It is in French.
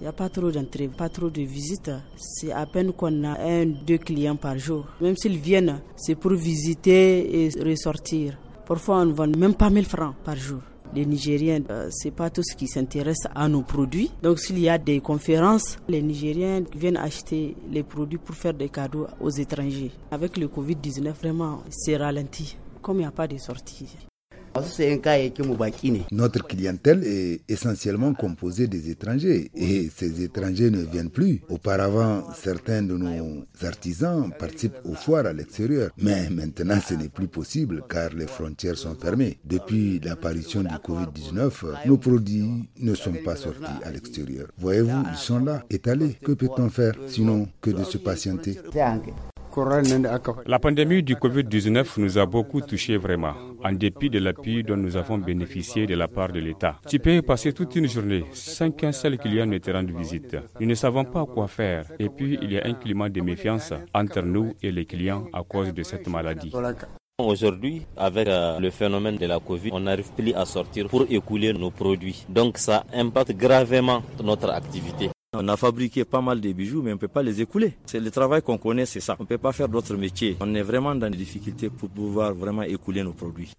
Il n'y a pas trop d'entrées, pas trop de visites. C'est à peine qu'on a un, deux clients par jour. Même s'ils viennent, c'est pour visiter et ressortir. Parfois, on ne vend même pas 1000 francs par jour les Nigériens, euh, c'est pas tous qui s'intéressent à nos produits. Donc s'il y a des conférences, les Nigériens viennent acheter les produits pour faire des cadeaux aux étrangers. Avec le Covid-19, vraiment, c'est ralenti. Comme il n'y a pas de sortie, notre clientèle est essentiellement composée des étrangers et ces étrangers ne viennent plus. Auparavant, certains de nos artisans participent aux foires à l'extérieur, mais maintenant ce n'est plus possible car les frontières sont fermées. Depuis l'apparition du Covid-19, nos produits ne sont pas sortis à l'extérieur. Voyez-vous, ils sont là, étalés. Que peut-on faire sinon que de se patienter la pandémie du Covid-19 nous a beaucoup touchés vraiment, en dépit de l'appui dont nous avons bénéficié de la part de l'État. Tu peux passer toute une journée sans qu'un seul client ne te rende visite. Nous ne savons pas quoi faire et puis il y a un climat de méfiance entre nous et les clients à cause de cette maladie. Aujourd'hui, avec euh, le phénomène de la Covid, on n'arrive plus à sortir pour écouler nos produits. Donc ça impacte gravement notre activité. On a fabriqué pas mal de bijoux, mais on ne peut pas les écouler. C'est le travail qu'on connaît, c'est ça. On ne peut pas faire d'autres métiers. On est vraiment dans des difficultés pour pouvoir vraiment écouler nos produits.